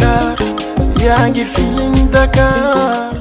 Dakar yaa ngi Feeling Dakar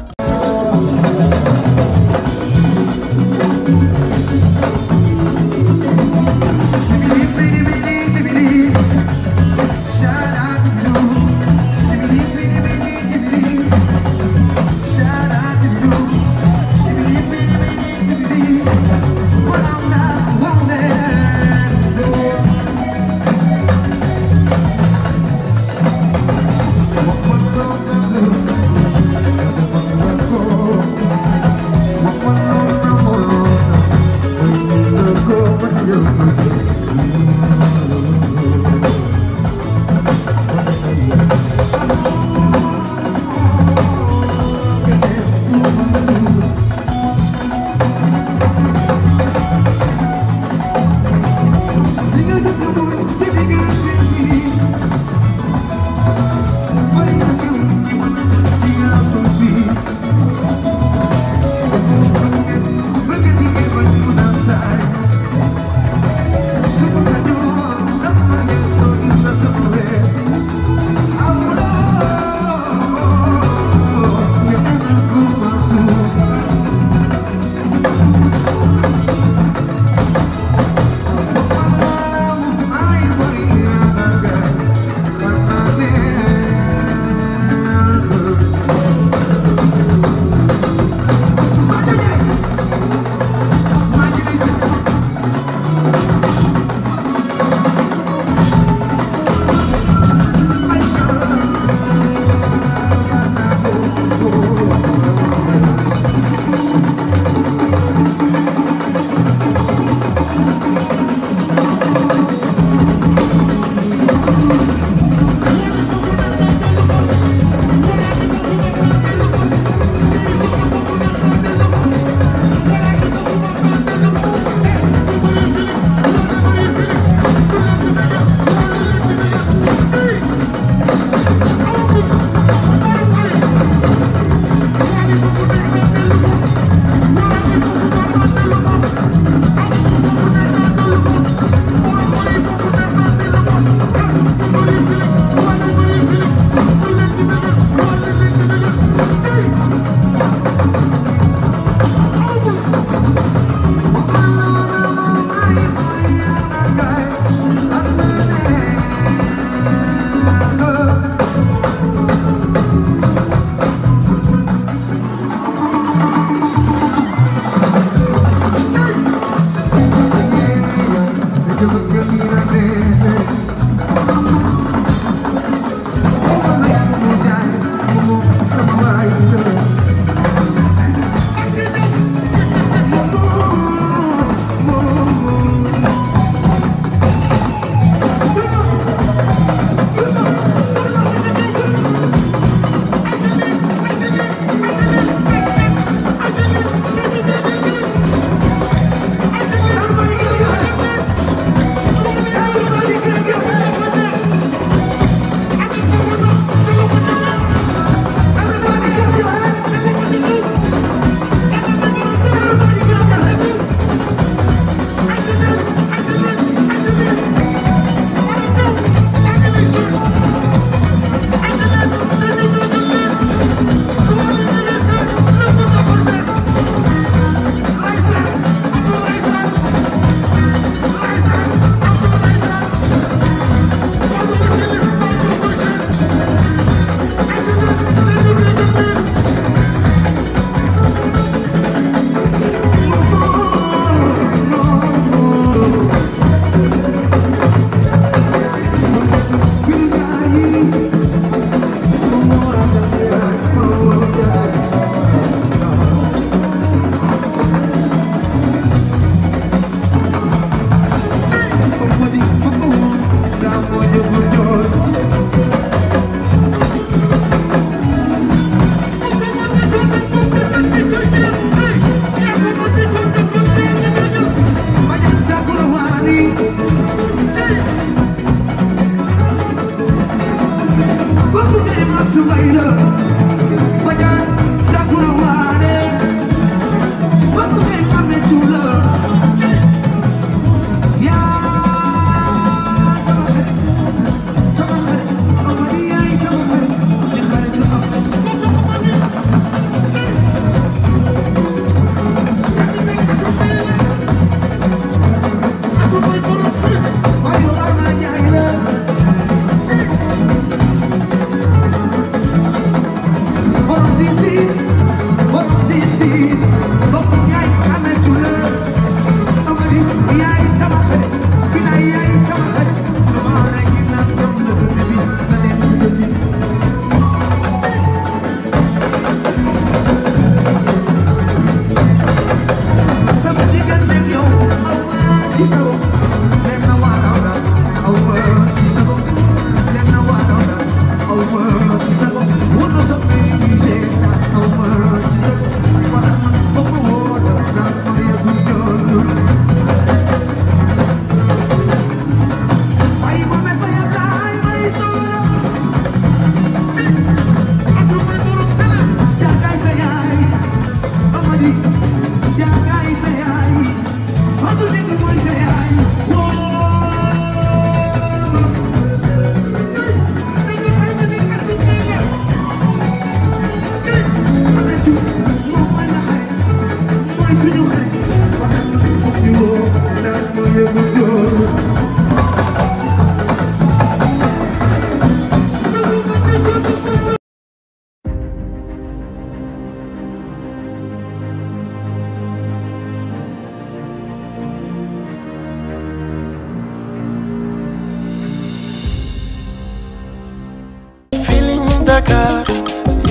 Dakar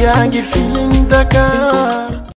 yaa ngi Feeling Dakar